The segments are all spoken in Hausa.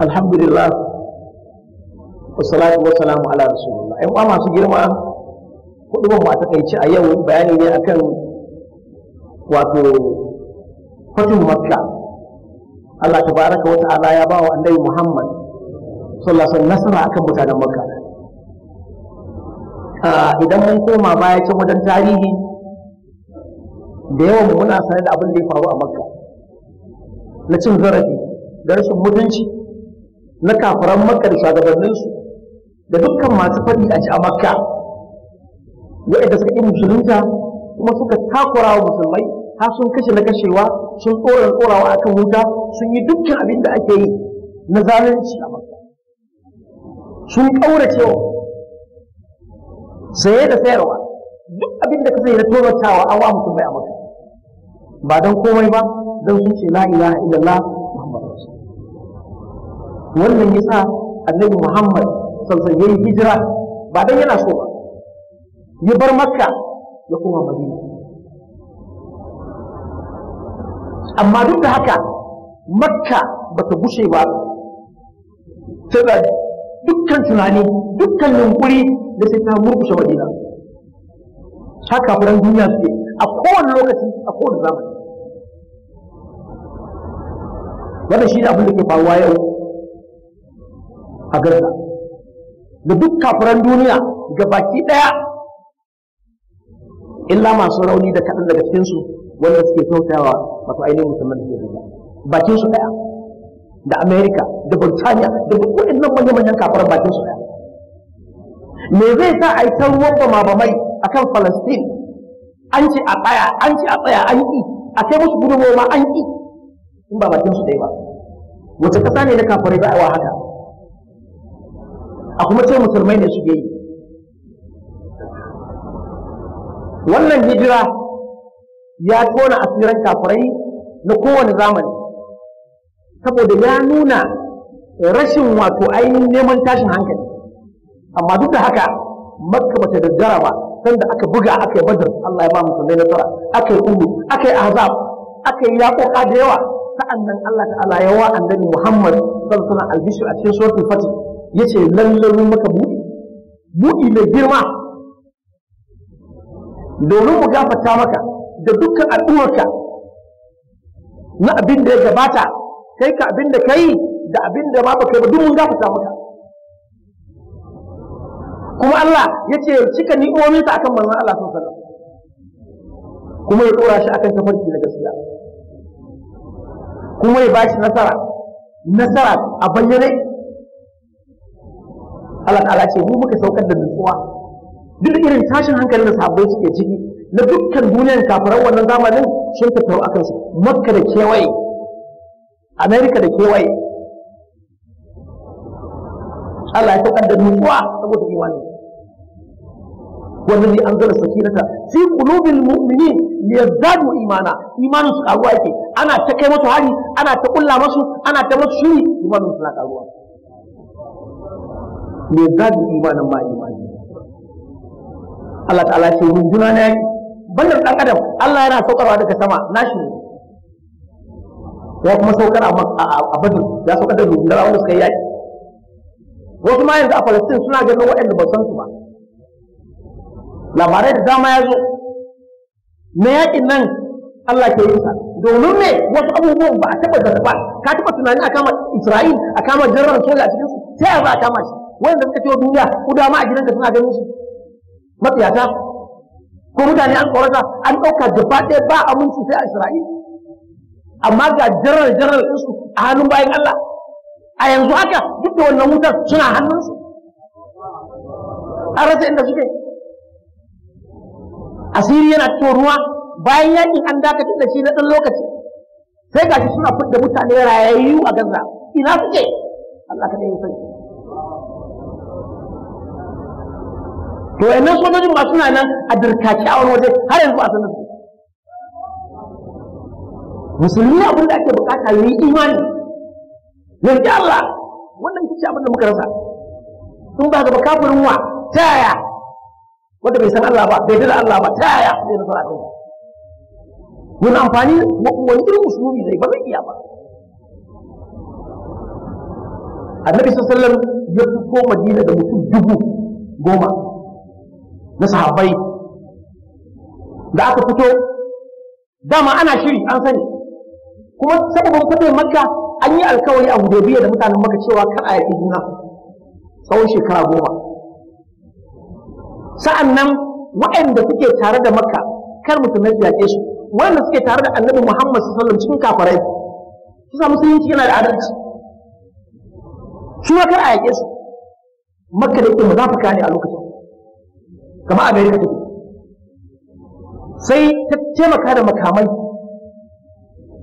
alhamdulillah wasalatu wasalamu ala rasulillah ai kuma masu girma kudu ba a takaici a yau bayani ne akan wato fatin makka Allah tabaraka wa ta'ala ya ba wa annabi Muhammad sallallahu alaihi wasallam nasara akan mutanen makka idan mun koma baya can wajen tarihi da yawan muna sanar da abin da ya faru a makka na cin zarafi da rashin mutunci na kafiran makka da shugabanninsu da dukkan masu faɗi a ci a makka waɗanda suka yi musulunta kuma suka takura wa musulmai har sun kashe na kashewa sun tsora tsorawa akan wuta sun yi dukkan abin da ake yi na zalunci a makka sun cewa saye da sayarwa duk abin da ka sai na tozartawa an wa musulmai a makka ba don komai ba don sun ce la ilaha illallah wannan yasa annabi Muhammad sallallahu alaihi wasallam hijira ba dan yana so ba ya bar makka ya koma madina amma duk da haka makka ba ta gushe ba tana dukkan tunani dukkan yunkuri da sai ta murkushe madina haka furan duniya suke a kowane lokaci a kowane zamani wannan shi ne abin da ke faruwa yau a gaza da duk kafiran duniya ga baki ɗaya illa masu rauni da kaɗan daga cikinsu wanda suke kyautawa masu ainihin musamman da ke bakin su ɗaya da amerika da burtaniya da duk waɗannan manya-manyan kafiran bakin su ɗaya me zai sa a yi ta ruwan bama a kan falastin an ce a tsaya an ce a tsaya an ƙi a kai musu gudunmawa ma an ƙi in ba bakin su ɗaya ba wace ƙasa ne na kafirai ba a wa haka a kuma ce musulmai ne suke yi wannan hijira ya tona asirin kafirai na kowane zamani saboda ya nuna rashin wato ainihin neman tashin hankali amma duk da haka makka bata daddara ba sanda aka buga aka yi badar Allah ya ba musulmai nasara aka yi ulu aka yi azab aka yi yaƙoƙa da yawa sa'an nan Allah ta'ala yawa annabi Muhammad sallallahu alaihi wasallam a cikin suratul fatih ya ce lallai maka buɗi buɗi mai girma domin mu gafata maka da dukkan al'ummarka na abin da ya gabata kai ka abin da ka yi da abin da ba kai ba duk mun gafata maka kuma Allah ya ce cika ni'imominsa akan manzon Allah sun sallam kuma ya tsora shi akan tafarki na gaskiya kuma ya bashi nasara nasara a bayyane Allah ta'ala ce mu muka saukar da nutsuwa duk irin tashin hankalin da sahabbai suke ciki na dukkan duniyar kafaran wannan zamanin sun tattaru a kansu makka da kewaye amerika da kewaye Allah ya saukar da nutsuwa saboda imani wannan ne an zara sakinata fi qulubil mu'minin liyazdadu imana imanin su karuwa yake ana ta kai musu hari ana ta kulla musu ana ta musu shiri imanin su na karuwa mai zaɓi imanin ba imani Allah ta'ala ce runduna na ne bandar ɗan adam Allah yana saukarwa daga sama nashi ne ya kuma saukar a badin ya saukar da rundunar wanda suka yi yaki wasu ma yanzu a Palestine suna ganin waɗanda ba san su ba labarai da dama ya zo na yakin nan Allah ke yi sa domin me wasu abubuwan ba a taɓa ba ka taɓa tunani a kama Isra'il a kama jirar soja a cikinsu sai a za a kama shi wanda suka ciwo duniya ku dama a gidanka suna ganin su Matsayata ko mutane an tsorata an ɗauka gaba ɗaya ba aminci sai a isra'ila amma ga jiran jiran ɗinsu a hannun bayan allah a yanzu haka duk da wannan wutar suna hannunsu an rasa inda suke asiri yana cikin ruwa bayan yakin an dakatar da shi na ɗan lokaci sai gashi suna fudda mutane rayayyu a gaza ina suke allah ka ɗaya sani to yannan sojojin ba suna nan a dirkaci a wani waje har yanzu a sanar su musulmi abin da ake bukata ya yi imani yanzu Allah wannan kici abin da muka rasa in ba gaba kafirin wa ta yaya wanda bai san Allah ba bai da Allah ba ta yaya zai rasa Allah Wani amfani wani irin musulmi zai ba zai iya ba annabi sallallahu alaihi wasallam ya fito madina da mutum dubu goma na sahabbai da aka fito dama ana shiri an sani kuma sababin fitar makka an yi alkawari a hudaybiya da mutanen makka cewa kar a yaki juna tsawon shekara goma sa'an nan waɗanda suke tare da makka kar mu su ke su waɗanda suke tare da annabi muhammad sallallahu cikin kafarai su sun musulunci yana da adalci su kar a yaƙe su makka da yake muzafuka ne a lokacin kamar amerika take sai ta taimaka da makamai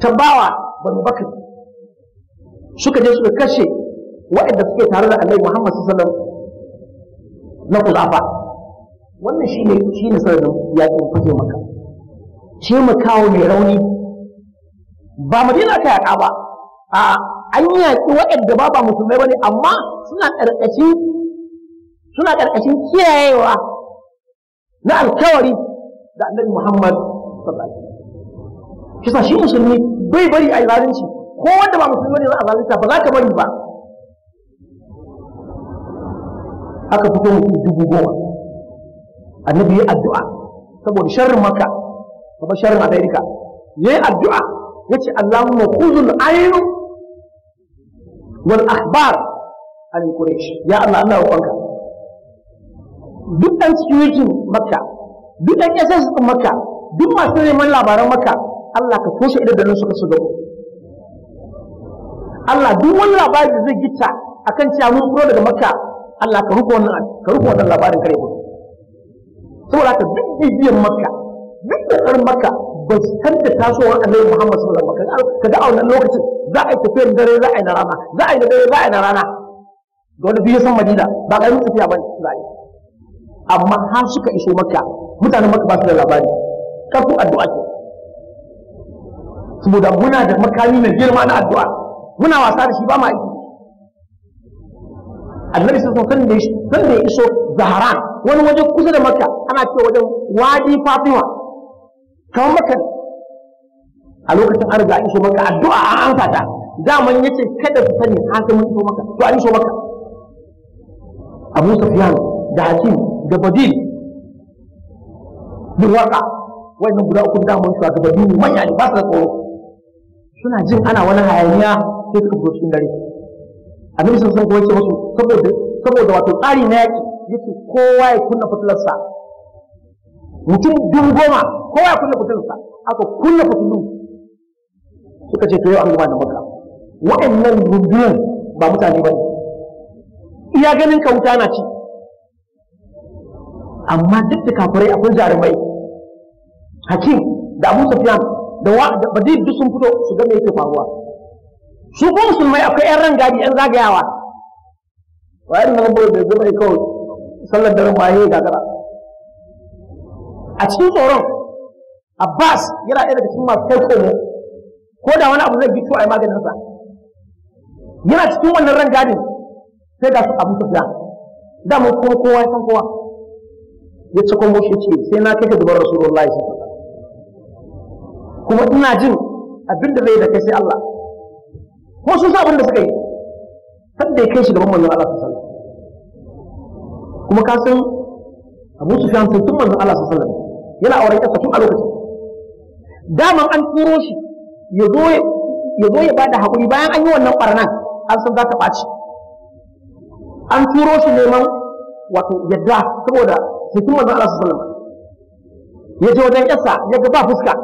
ta bawa banu bakar suka je suka kashe waɗanda suke tare da annabi muhammad sallallahu na kulafa wannan shine shine sanadin yakin fito maka taimakawa mai rauni ba madina aka yaƙa ba a an yaƙi waɗanda ba ba musulmai bane amma suna ƙarƙashin suna ƙarƙashin kiyayewa na alkawari da annabi Muhammad sallallahu alaihi wasallam kisa shi musulmi bai bari a zalunci ko wanda ba musulmi ne za a zalunta ba za ka bari ba aka fito mutum dubu goma annabi ya addu'a saboda sharrin makka kuma sharrin amerika ya yi addu'a ya ce allahumma khuzul ainu wal akhbar al quraish ya allah allah wa duk dan security makka duk ɗan ƙasar su makka duk masu neman labaran makka Allah ka toshe idan da suka shiga Allah duk wani labari da zai a kan cewa mun furo daga makka Allah ka rufe wannan ka rufe wannan labarin kare ku saboda haka duk biyan makka duk da ƙarin makka ba su kanta tasowar annabi Muhammad sallallahu alaihi wasallam kaga a wannan lokacin za a yi tafiyar dare za a yi na rana za a yi na dare za a yi na rana ga wani biyu san Madina ba ƙaramin tafiya ba za a yi amma har suka iso maka, mutanen maka ba su da labari karfin addu'a ke saboda muna da makami mai girma na addu'a muna wasa da shi ba ma aiki annabi sun san da san da iso zaharan wani waje kusa da maka ana cewa wajen wadi fatima kamar maka a lokacin an riga iso maka addu'a an ansa ta zaman yace kada su sani an san mun iso maka, to an iso maka. abu sufyan da hakim da badil bin waka nan guda uku daman shugabanni ne manya ne ba su da tsoro suna jin ana wani hayaniya sai suka fito cikin dare annabi sun san ko yace musu saboda saboda wato tsari na yaki yace kowa ya kunna fitilarsa mutum dubu goma kowa ya kunna fitilarsa aka kunna fitilu suka ce to yau an gama da maka wa'annan rundunan ba mutane ba ne iya ganin ka wuta na ci amma duk da kafirai akwai jarumai hakim da abu sufyan da badid duk sun fito su ga me yake faruwa su ko musulmai akwai yan rangadi yan zagayawa wa na nan bai zama kawai sallar da ya waye gagara a cikin tsoron abbas yana ɗaya daga cikin masu kai komo ko da wani abu zai bi a yi maganinsa yana cikin wannan rangadin sai ga su abu sufyan da mun kuma kowa ya san kowa ya ci kuma shi ce sai na kai ka zubar rasulullahi sai kuma ina jin abin da zai da kai sai Allah ko sun sa abin da suka yi har da ya kai shi gaban manzon Allah sallallahu alaihi kuma ka san Abu Sufyan sun tun manzon Allah sallallahu alaihi yana auren ƙasa tun a lokacin daman an turo shi ya zo ya zo ya bada hakuri bayan an yi wannan barnan an san za ta ɓaci an turo shi neman wato yadda saboda jikin manzo Allah sallallahu alaihi ya je wajen yassa ya ga ba fuska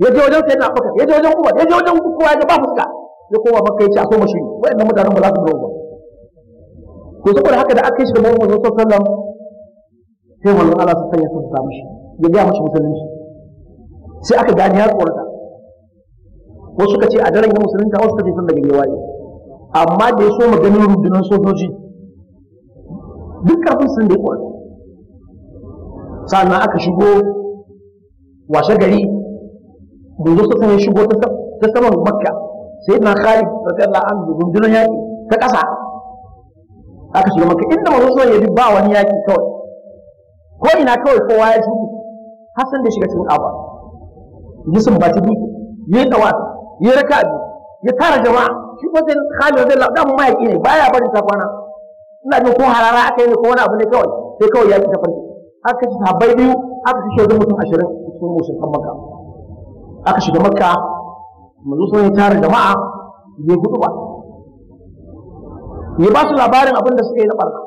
ya je wajen sayyidina Abubakar ya je wajen kuma ya je wajen kuma ya ga ba fuska ya koma makka ya ce a koma shi waɗannan mutanen ba za su dawo ba to saboda haka da aka yi shi da manzo sallallahu alaihi wasallam sai manzo Allah sallallahu alaihi wasallam ya samu shi ya ga mashi musulunci sai aka gani ya tsorata wasu suka ce a daren ya musulunta wasu suka ce sun daga gewaye amma da ya so maganin rundunar sojoji duk kafin sun da ya tsorata sannan aka shigo washe gari mun su sanya shigo ta saman makka sai na an radiyallahu anhu rundunar yaƙi ta ƙasa aka shiga makka inda mun zo ya ba wani yaƙi kawai ko ina kawai kowa ya shigo har san da shiga cikin ƙaba yi sun ba ta bi yi tawa yi raka ya tara jama'a shi ko sai khalid radiyallahu anhu da mu mayaƙi ne baya barin ta kwana ina jin ko harara aka yi ne ko wani abu ne kawai sai kawai yaƙi ta farki aka ci sahabbai biyu aka ci wajen mutum ashirin sun musulman maka aka shiga maka manzo sun ya tara jama'a ya gudu ba ya ba su labarin abin da suka yi na barka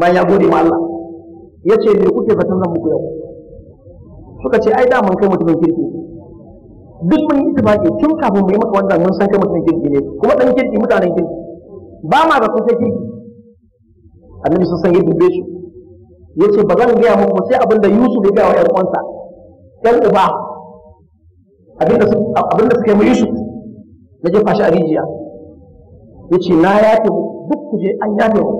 bayan ya gode ma Allah ya ce me kuke batun zan muku yau suka ce ai da mun kai mutumin kirki duk mun yi tabaki tun kafin mu yi maka wannan mun san kai mutumin kirki ne kuma dan kirki mutanen kirki ba ma batun sai kirki annabi sun san yadda dube shi yace ba zan gaya muku sai abinda Yusuf ya gaya wa ƴan uwansa ƴan uba abinda abinda suka yi Yusuf na jefa shi a rijiya yace na yafe duk kuje an yafe mu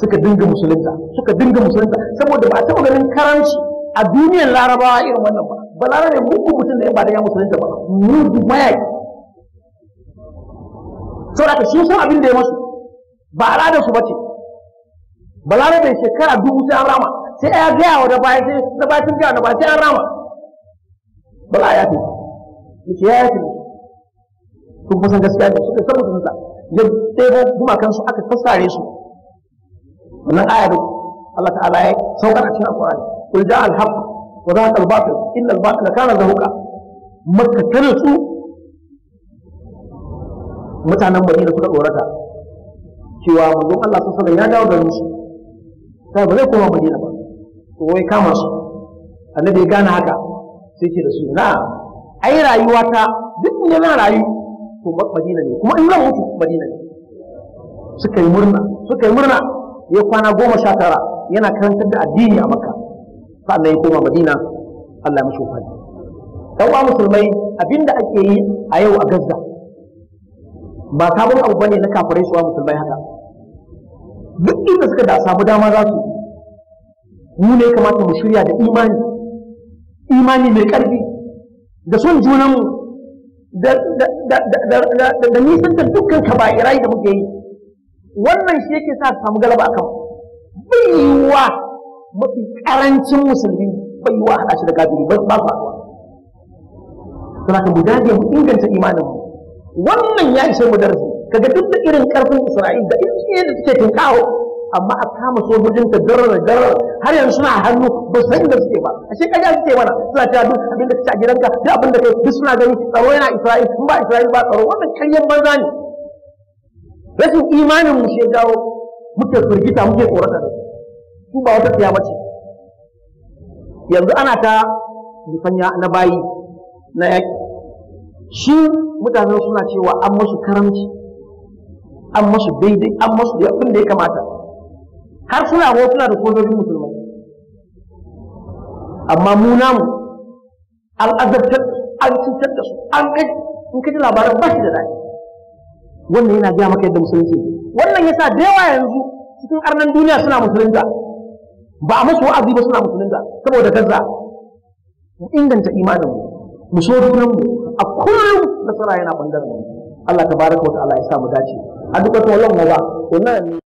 suka dinga musulunta suka dinga musulunta saboda ba a taɓa ganin karanci a duniyar larabawa irin wannan ba ba larabe muku mutum da ya ba da ya musulunta ba mu duk mayaki saboda sun san abin da ya masu ba da su bace Balare bai shekara dubu sai an rama sai ya gaya wa da baya sai da baya sun gaya da baya sai an rama bala ya fi yace ya yafi sun kusan gaskiya da suka san mutunta ya ɗebo gumakan su aka sassare su wannan aya da Allah ta'ala ya saukar a cikin alƙur'ani kul ja al-haqq wa za al-batil illa al batil kana zahuqa makka ta nutsu mutanen madina suka tsorata cewa mun Allah sallallahu alaihi wasallam ya dawo da mu sai ba zai koma madina ba to wai kama su annabi ya gane haka sai ce da su na ai rayuwa ta duk ne na rayu to madina ne kuma in zan mutu madina ne suka yi murna suka yi murna ya kwana goma sha tara yana karantar da addini a makka sannan ya koma madina Allah ya mashi wufani dan uwa musulmai abinda ake yi a yau a gazza. ba sabon abu bane na kafirai suwa musulmai haka duk inda suka da samu dama za su mu ne kamata mu shirya da imani imani mai ƙarfi da son mu. da nisan da dukkan kaba'irai da muke yi wannan shi yake sa samu galaba akan bai yiwuwa mafi ƙarancin musulmi bai hada shi da kafiri ba ba ba sanaka mu dage mu inganta imaninmu wannan ya ishe mu darasi kaga duk da irin karfin Isra'il da irin da suke kawo. amma a kama sojojin ta darar darar har yanzu suna hannu ba san da suke ba a shekaru ya suke mana suna cewa duk abin da a gidanka duk abin da kai duk suna gani tsaro yana Isra'il kuma ba Isra'il ba tsaro wannan karyan banza ne rashin imanin mu shi jawo muke firgita muke tsorata su ba wata tsaya bace yanzu ana ta musanya na bayi na yaki shi mutanen suna cewa an musu karamci an masu daidai an masu da abin da ya kamata har suna suna da sojojin musulmai amma mu namu an an cutar da su an kai in kaji labaran ba shi da daɗi wannan yana gaya maka yadda musulunci wannan yasa da yawa yanzu cikin arnan duniya suna musulunta ba a masu wa'azi ba suna musulunta saboda gaza mu inganta imanin mu mu so mu a kullum nasara yana bangaren Allah tabaraka wa ta'ala ya sa mu dace adúpẹ́ fún ọlọ́run ọba òun náà ni.